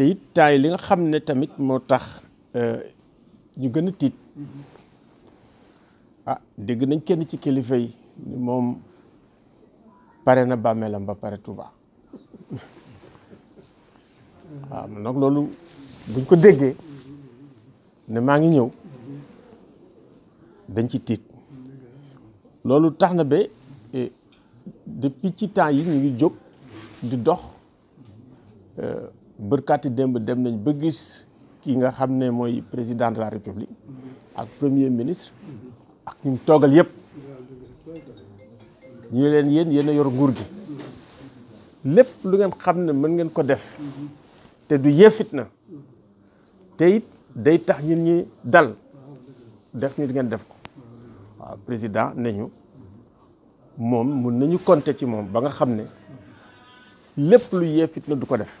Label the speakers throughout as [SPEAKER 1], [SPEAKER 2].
[SPEAKER 1] te it yi li nga xam ne tamit moo tax euh, ñu gën a tiit ah dégg nañ kenn ci kilifa yi ni moom pare na bàmmeelam ba pare Touba waaw man nag loolu buñ ko déggee ne maa ngi ñëw dañ ci tiit loolu tax na ba eh, depuis ci temps yi ñu ngi jóg di dox. Euh, bërkaati démb dem nañ ba gis ki nga xam ne mooy président de la république ak premier ministre ak ñu toogal yëpp ñu leen yéen yéen a yor nguur gi lépp lu ngeen xam ne mën ngeen ko def te du yëfit na te it day tax ñun ñu dal def ñu ngeen def ko waaw président ne moom mun nañu compter ci moom ba nga xam ne lépp lu yëfit na du ko def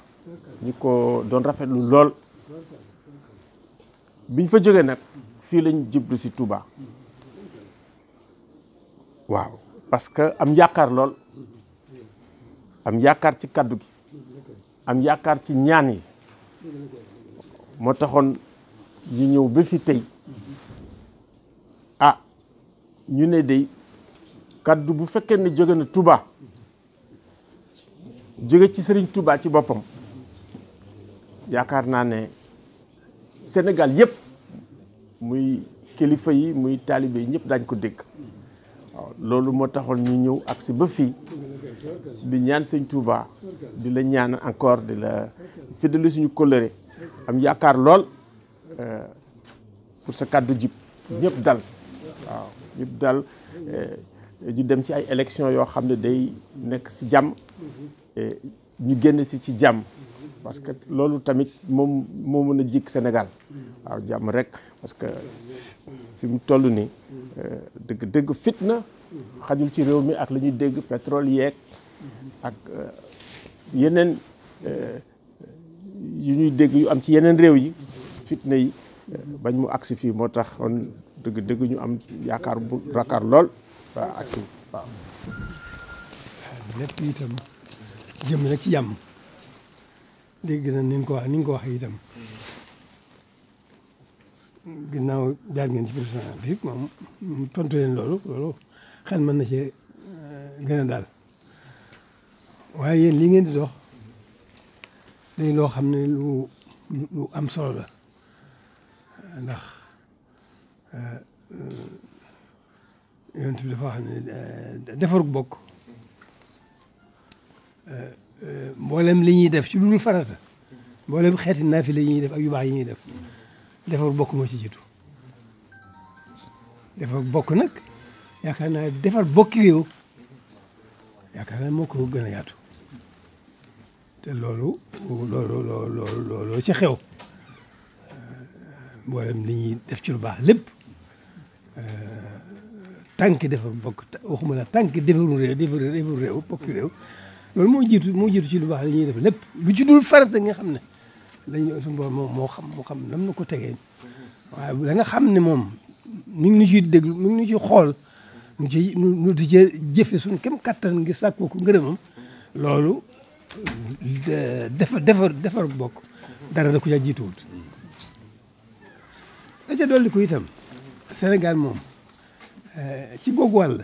[SPEAKER 1] ñu ko doon rafet lu lool biñ fa jógee nag fii lañ jiblu si Touba waaw parce que am yaakaar lool am yaakaar ci kàddu gi am yaakaar ci ñaan yi moo taxoon ñu ñëw ba fi tey ah ñu ne day kàddu bu fekkee ne jóge na Touba jóge ci Serigne Touba ci boppam yaakaar naa ne Sénégal yëpp muy kilifa yi muy taalibe yi ñëpp daañ ko dégg waaw loolu moo taxoon ñu ñëw ak si ba fii di ñaan sëñ Touba di la ñaan encore di la fideli suñu coloré am yaakaar lool euh, pour sa kàddu jib ñëpp dal waaw ñëpp dal ñu euh, dem ci ay élections yoo xam ne day nekk si jàmm ñu génn si ci jàmm parce que loolu tamit moom moo mën a jik senegal waaw jàmm rek parce que fi mu toll nii euh, dëgg dëgg fitna xajul ci réew mi ak lañuy dégg pétrole yeeg ak euh, yeneen euh, yu ñuy dégg yu am ci yeneen réew yi fitna yi bañ mu agsi fii moo tax kon dëgg dëgg ñu am yaakaar bu rakaar lool waa agsi waaw
[SPEAKER 2] jëm nag ci jàmm dégg na ni ko wax ni nga ko waxee itam ginnaaw jaar ngeen ci président bi moom mu tontu leen loolu loolu xel man na ci euh, gën daal waaye yéen li ngeen di dox day loo xam ne lu lu am solo la ndax euh, euh, yonent bi dafa wax ne defar bokk mboolem li ñuy def ci dul farata mboolem xeeti naafi la ñuy def ak yubaa yi ñuy def defar bokk moo ci jiitu defar bokk nag yaakaar naa defar bokki réew yaakaar naa moo ko gën a yaatu te loolu loolu loolu ci xew mboolem li ñuy def ci lu baax lépp tànk defar bokk waxuma la tànk defaru réew defaru réew bokki réew loolu moo jiitu moo jiitu ci lu baax la ñuy def lépp lu ci dul farata nga xam ne lañ suñu borom moo xam moo xam nam na ko tegee waaye da xam ne moom mi ngi nu ci déglu mi ngi nu ciy xool nu ci di ci jëfe suñu kem kattan ngir sàkkoo ko ngërëmam loolu defar defar defar bokk dara da ko caa jiituwut da ca dolli ko itam Sénégal moom eh, ci googu wàll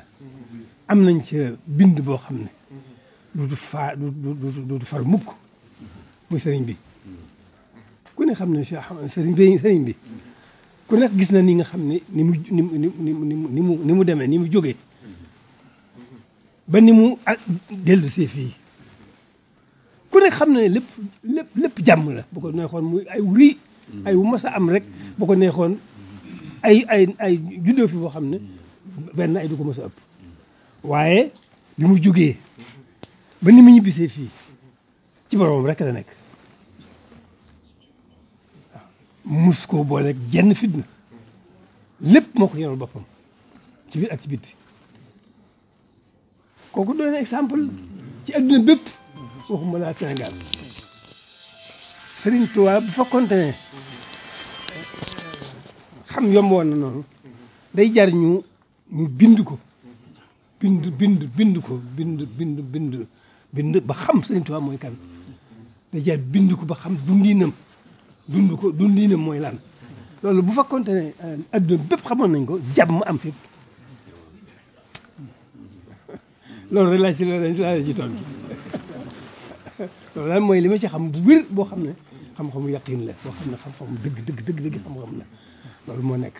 [SPEAKER 2] am nañ ci bind boo xam ne du faa du du du far mukk muy sëriñ bi ku ne xam ne sëriñ bi sëriñ bi ku ne gis na ni nga xam ne ni mu ni mu ni mu ni demee ni mu jógee ba ni mu dellu see fii ku xam na ne lépp lépp lépp jàmm la bu ko neexoon muy ay wuri ay wu mas a am rek bu ko neexoon ay ay ay juddoo fi boo xam ne benn ay du ko mas a ëpp waaye bi mu jógee ba ni mu ñibbisee fii ci boroom rek la nekk mus koo boole jenn fitna lépp moo ko yoral boppam ci biir ak ci biti kooku doon exemple ci adduna bépp waxuma laa Sénégal Serigne Touba bu fekkoonte ne xam yomb woon na noonu day jar ñu ñu bind ko bind bind bind ko bind bind bind bind ba xam Sëriñ Tuubaa mooy kan déjà bind ko ba xam dundinam dund ko dundinam mooy lan loolu bu fekkoonte ne euh, adduna bépp xamoon nañ ko jàmm am fépp loolu rek laa ci loolu laa ci mooy li ma ci xam bu wér boo xam ne xam-xamu yaqin la boo xam ne xam-xamu dëgg dëgg dëgg dëgg xam-xam la loolu moo nekk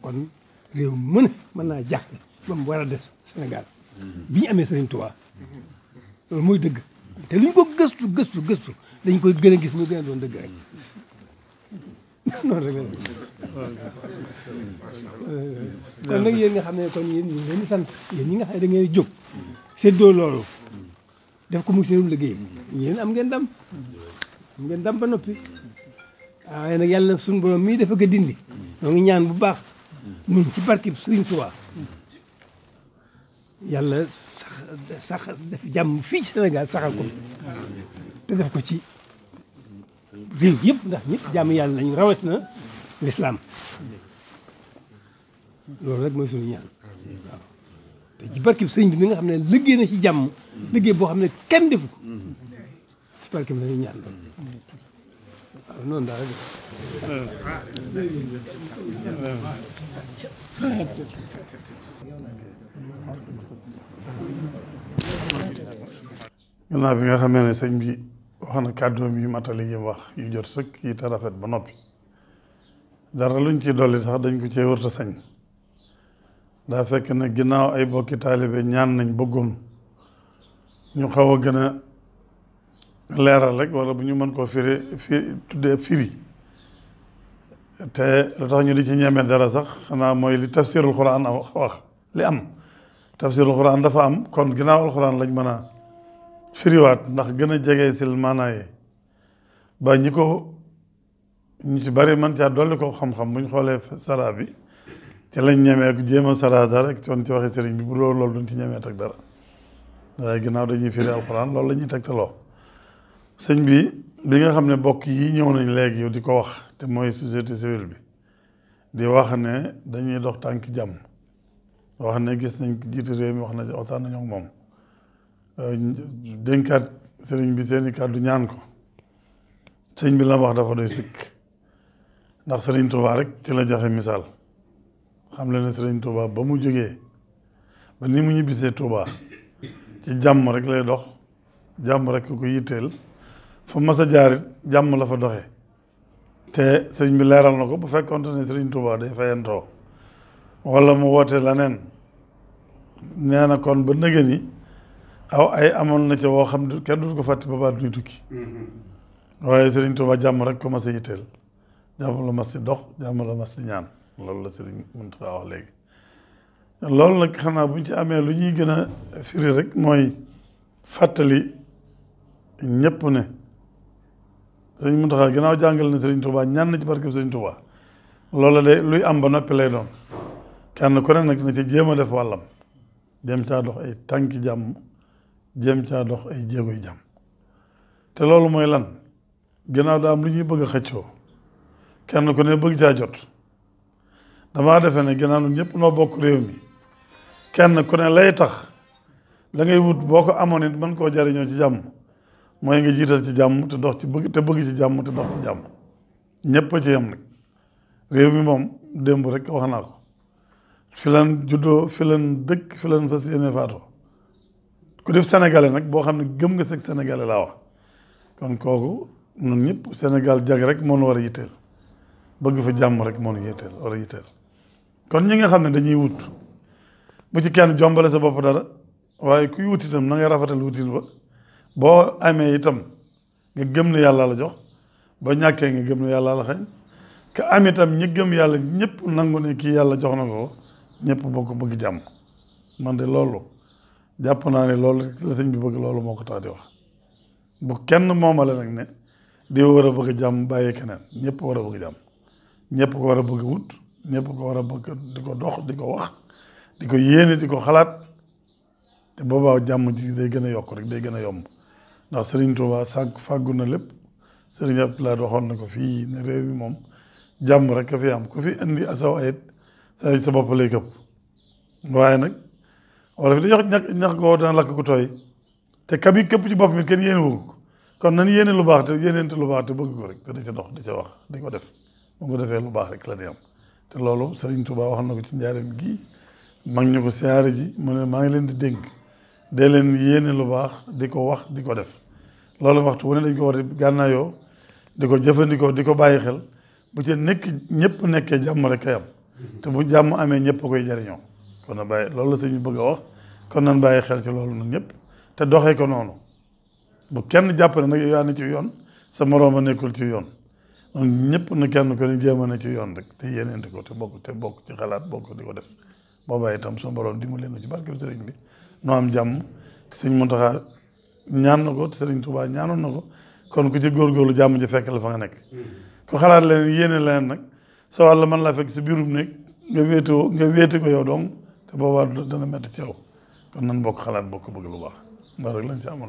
[SPEAKER 2] kon réew mën a mën naa jaaxle ba mu war a des senegal mm-hmm. bi amee Sëriñ Tuubaa loolu muy dëgg te lu ñu ko gëstu gëstu gëstu dañ koy gën a gis muy gën a doon dëgg rek noonu rek la kon nag yéen nga xam ne kon yéen ñu leen di sant yéen ñi nga xam ne da ngeen di jóg séddoo loolu def ko mu seenum liggéey yéen am ngeen dam am ngeen dam ba noppi ah, waaye nag yàlla suñu borom mii dafa ko dindi ñoo ngi ñaan bu baax ñun ci barkib Sëriñ Tuubaa yàlla sax def jàmm fii ci Sénégal saxal ko te def ko ci réew yëpp ndax ñëpp jàmm yàlla lañu rawatina lislam loolu rek mooy suñu ñaan waaw te ci barkeb sëñ bi mi nga xam ne liggéey na ci jàmm liggéey boo xam ne kenn def ko ci barkeb la ñuy ñaan waaw noonu gannaaw
[SPEAKER 3] bi nga xamee ne sëñ bi wax na kàddoom yu matali yi wax yu jot sëkk yi te rafet ba noppi dara luñ ci dolli sax dañ ko cee wërta sañ daa fekk na ginnaaw ay bokki taalibe ñaan nañ bëggoon ñu xaw a leeral rek wala bu ñu mën koo firi fi tuddee firi te lu tax ñu di ci ñemee dara sax xanaa mooy li tafsirul quran a wax li am tafsirul quran dafa am kon ginnaaw alquran lañ mën a firiwaat ndax gën a jege sil maanaa yi ba ñi ko ñu ci bari man caa dolli ko xam-xam bu ñu xoolee sara bi ci lañ ñemee ak jéem a sara dara ak ci woon waxi sëriñ bi bu doon loolu duñ ci ñemee teg dara waaye ginnaaw dañuy firi alquran loolu la ñuy tegtaloo sëñ bi bi nga xam ne bokk yi ñëw nañ léegi yow di ko wax te mooy société civile bi di wax ne dañuy dox tànk jàmm wax ne gis nañ jiitu réew mi wax na waxtaan nañu ak moom euh, dénkaat sëriñ bi seeni kàddu ñaan ko sëñ bi la wax dafa doy sikk ndax sëriñ Touba rek ci la joxe misaal xam leen sëriñ Touba ba mu jógee ba ni mu ñibbisee Touba ci jàmm rek lay dox jàmm rek ko yitteel fu mas a jaarit jàmm la fa doxe te sëñ bi leeral na ko bu fekkonte ne sëriñ Tuubaa day fayantoo wala mu woote leneen nee na kon ba nëgë ni aw ay amoon na ca woo xam ne kenn du ko fàtte ba baat ñuy tukki mm-hmm. waaye sëriñ Tuubaa jàmm rek ko mas a yitteel jàmm la mas di dox jàmm la mas di ñaan loolu la sëriñ Muntaxa wax léegi loolu nag xanaa bu ñu ci amee lu ñuy gën a firi rek mooy fàttali ñëpp ne sëñ Muntaxa gannaaw jàngal na sëriñ Touba ñaan na ci barkeb sëriñ Touba loolu de luy am ba noppi lay doon kenn ku ne nag na ci jéem a def wàllam jéem caa dox ay tànki jàmm jéem caa dox ay jéegoy jàmm te loolu mooy lan gannaaw daa lu ñuy bëgg a xëccoo kenn ku ne bëgg caa jot damaa defee ne gannaaw nu ñëpp noo bokk réew mi kenn ku ne lay tax la ngay wut boo ko amoon it mën koo jariñoo ci jàmm mooy nga jiital ci jàmm te dox ci bëgg te bëgg ci jàmm te dox ci jàmm ñëpp a ci yem nag réew mi moom démb rek wax naa ko fi juddoo fi leen dëkk fi leen fas ku def sénégalais nag boo xam ne gëm nga seg sénégalais laa wax kon kooku ñun ñëpp Sénégal jag rek moo nu war a yitteel bëgg fa jàmm rek moo nu yitteel war a yitteel kon ñi nga xam ne dañuy wut bu ci kenn jombale sa bopp dara waaye kuy wut itam na ngay rafetal wutin ba boo amee itam nga gëm ne yàlla la jox ba ñàkkee nga gëm ne yàlla la xañ ka am itam ñi gëm yàlla ñëpp nangu ne kii yàlla jox na ko ñëpp bokk bëgg jàmm man de loolu jàpp naa ne loolu la bi bëgg loolu moo ko tax di wax bu kenn moomale nag ne di war a bëgg jàmm bàyyi keneen ñëpp war a bëgg jàmm ñëpp ko war a bëgg wut ñëpp ko war a bëgg di ko dox di ko wax di ko yéene di ko xalaat te boobaa jàmm ji day gën a yokk rek day gën a yomb ndax Serigne Touba sàgg fàggu na lépp Serigne Abdoulaye waxoon na ko fii ne réew mi moom jàmm rek ka fi am ku fi indi asaw ayit sa sa bopp lay këpp waaye nag wala fi dañuy ñax ñax goo daa lakk ku tooy te kam yi këpp ci bopp mi kenn yéene wu ko kon nan yéene lu baax te yéeneente lu baax te bëgg ko rek te da ca ndox da ca wax di ko def mu ko defee lu baax rek la di am te loolu Serigne Touba wax na ko ci njaareem gii mag ñu ko siyaare ji mu ne maa ngi leen di dénk de leen yéene lu baax di ko wax di ko def loolu waxtu wu ne dañ ko war gànnaayoo di ko jëfandikoo di ko bàyyi xel bu ci nekk ñëpp nekkee jàmm rek kay am te bu jàmm amee ñëpp koy jariñoo kon na bàyyi loolu la suñu bëgg a wax kon nan bàyyi xel ci loolu nun ñëpp te doxee ko noonu bu kenn jàpp ne nag yaa ne ci yoon sa moroom a nekkul ci yoon ñun ñëpp kenn ko ne jéem a ne ci yoon rek te yéeneente ko te bokk te bokk ci xalaat bokk di ko def boobaa itam suñu borom dimbali na ci barkeb sëriñ bi noo am jàmm te sëñ Muntaxa ñaan na ko te sëriñ Tuubaa ñaanoon na ko kon ku ci góorgóorlu jàmm ji fekk la fa nga nekk ko xalaat leneen yéene leneen nag sa wàll man laa fekk si biirum nekk nga wéete nga wéete ko yow dong te boobaa dana métti ci yow kon nan bokk xalaat bokk bëgg lu baax ndax rek lañ ci amoon